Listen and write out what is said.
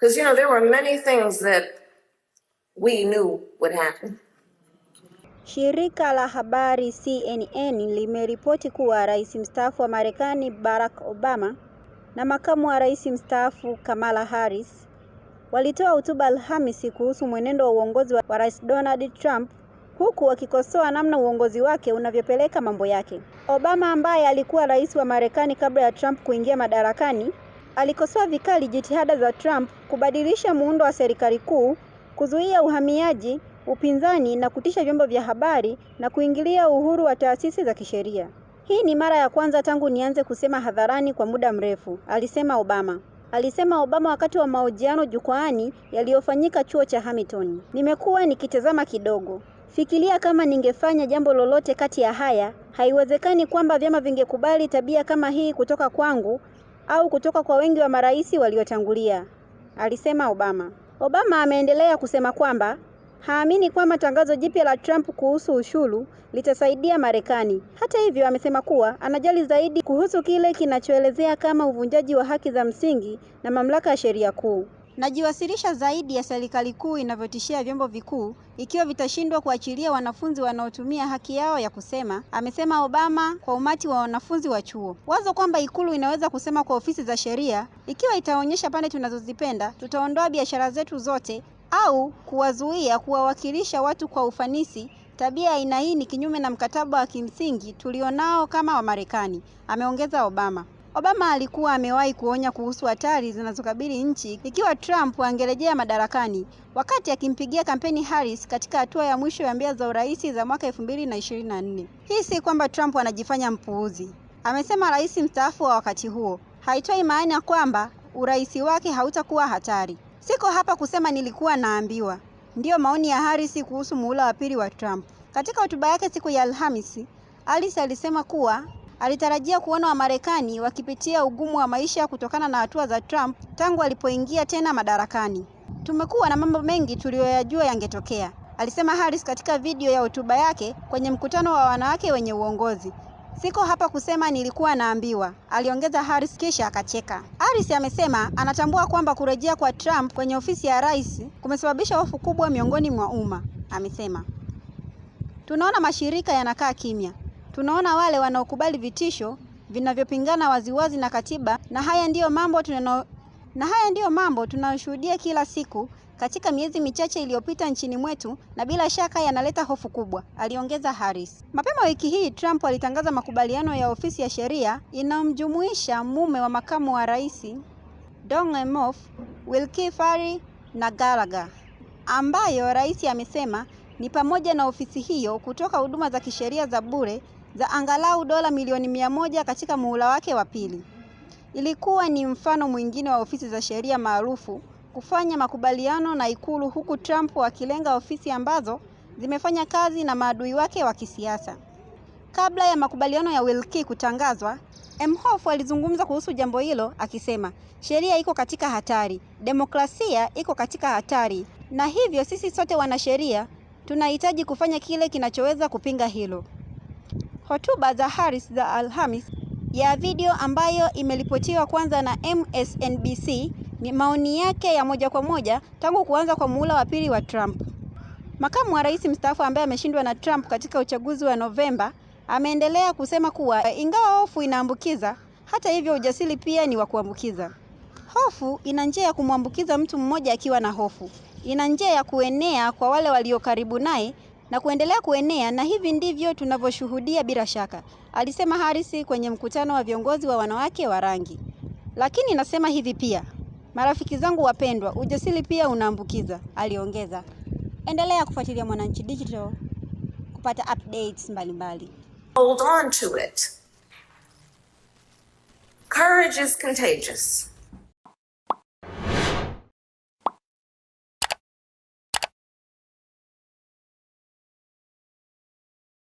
Because, you know, there were many things that we knew would happen. Shirika la habari CNN limeripoti kuwa Rais mstaafu wa Marekani Barack Obama na makamu wa Rais mstaafu Kamala Harris walitoa hotuba Alhamisi kuhusu mwenendo wa uongozi wa Rais Donald Trump huku wakikosoa namna uongozi wake unavyopeleka mambo yake. Obama ambaye alikuwa rais wa Marekani kabla ya Trump kuingia madarakani alikosoa vikali jitihada za Trump kubadilisha muundo wa serikali kuu, kuzuia uhamiaji, upinzani na kutisha vyombo vya habari na kuingilia uhuru wa taasisi za kisheria. Hii ni mara ya kwanza tangu nianze kusema hadharani kwa muda mrefu, alisema Obama. Alisema Obama wakati wa mahojiano jukwaani yaliyofanyika chuo cha Hamilton. Nimekuwa nikitazama kidogo. Fikiria kama ningefanya jambo lolote kati ya haya, haiwezekani kwamba vyama vingekubali tabia kama hii kutoka kwangu au kutoka kwa wengi wa marais waliotangulia, alisema Obama. Obama ameendelea kusema kwamba haamini kwamba tangazo jipya la Trump kuhusu ushuru litasaidia Marekani. Hata hivyo, amesema kuwa anajali zaidi kuhusu kile kinachoelezea kama uvunjaji wa haki za msingi na mamlaka ya sheria kuu. Najiwasilisha zaidi ya serikali kuu inavyotishia vyombo vikuu ikiwa vitashindwa kuachilia wanafunzi wanaotumia haki yao ya kusema, amesema Obama kwa umati wa wanafunzi wa chuo. Wazo kwamba Ikulu inaweza kusema kwa ofisi za sheria, ikiwa itaonyesha pande tunazozipenda, tutaondoa biashara zetu zote au kuwazuia kuwawakilisha watu kwa ufanisi. Tabia ya aina hii ni kinyume na mkataba wa kimsingi tulionao kama Wamarekani, ameongeza Obama. Obama alikuwa amewahi kuonya kuhusu hatari zinazokabili nchi ikiwa Trump angerejea madarakani, wakati akimpigia kampeni Harris katika hatua ya mwisho ya mbio za urais za mwaka 2024. Hii si kwamba Trump anajifanya mpuuzi, amesema rais mstaafu wa wakati huo. Haitoi maana kwamba urais wake hautakuwa hatari. Siko hapa kusema nilikuwa naambiwa, ndiyo maoni ya Harris kuhusu muhula wa pili wa Trump. Katika hotuba yake siku ya Alhamisi, Harris alisema kuwa Alitarajia kuona Wamarekani wakipitia ugumu wa maisha kutokana na hatua za Trump tangu alipoingia tena madarakani. Tumekuwa na mambo mengi tuliyoyajua yangetokea, alisema Harris katika video ya hotuba yake kwenye mkutano wa wanawake wenye uongozi. Siko hapa kusema nilikuwa naambiwa, aliongeza Harris kisha akacheka. Harris amesema anatambua kwamba kurejea kwa Trump kwenye ofisi ya rais kumesababisha hofu kubwa miongoni mwa umma. Amesema tunaona mashirika yanakaa kimya, Tunaona wale wanaokubali vitisho vinavyopingana waziwazi na katiba, na haya ndiyo mambo tunano na haya ndiyo mambo tunayoshuhudia kila siku katika miezi michache iliyopita nchini mwetu na bila shaka yanaleta hofu kubwa, aliongeza Harris. Mapema wiki hii Trump alitangaza makubaliano ya ofisi ya sheria inayomjumuisha mume wa makamu wa rais Don Emhoff, Wilkie Farr na Gallagher, ambayo rais amesema ni pamoja na ofisi hiyo kutoka huduma za kisheria za bure za angalau dola milioni mia moja katika muhula wake wa pili. Ilikuwa ni mfano mwingine wa ofisi za sheria maarufu kufanya makubaliano na Ikulu huku Trump akilenga ofisi ambazo zimefanya kazi na maadui wake wa kisiasa. Kabla ya makubaliano ya Wilkie kutangazwa, Emhoff alizungumza kuhusu jambo hilo akisema, sheria iko katika hatari, demokrasia iko katika hatari, na hivyo sisi sote wanasheria tunahitaji kufanya kile kinachoweza kupinga hilo. Hotuba za Harris za Alhamis ya video ambayo imeripotiwa kwanza na MSNBC ni maoni yake ya moja kwa moja tangu kuanza kwa muhula wa pili wa Trump. Makamu wa Rais mstaafu ambaye ameshindwa na Trump katika uchaguzi wa Novemba ameendelea kusema kuwa ingawa hofu inaambukiza, hata hivyo ujasiri pia ni wa kuambukiza. Hofu ina njia ya kumwambukiza mtu mmoja akiwa na hofu, ina njia ya kuenea kwa wale walio karibu naye na kuendelea kuenea na hivi ndivyo tunavyoshuhudia bila shaka, alisema Harris kwenye mkutano wa viongozi wa wanawake wa rangi. Lakini nasema hivi pia, marafiki zangu wapendwa, ujasiri pia unaambukiza, aliongeza. Endelea kufuatilia Mwananchi Digital kupata updates mbalimbali. Hold on to it. Courage is contagious.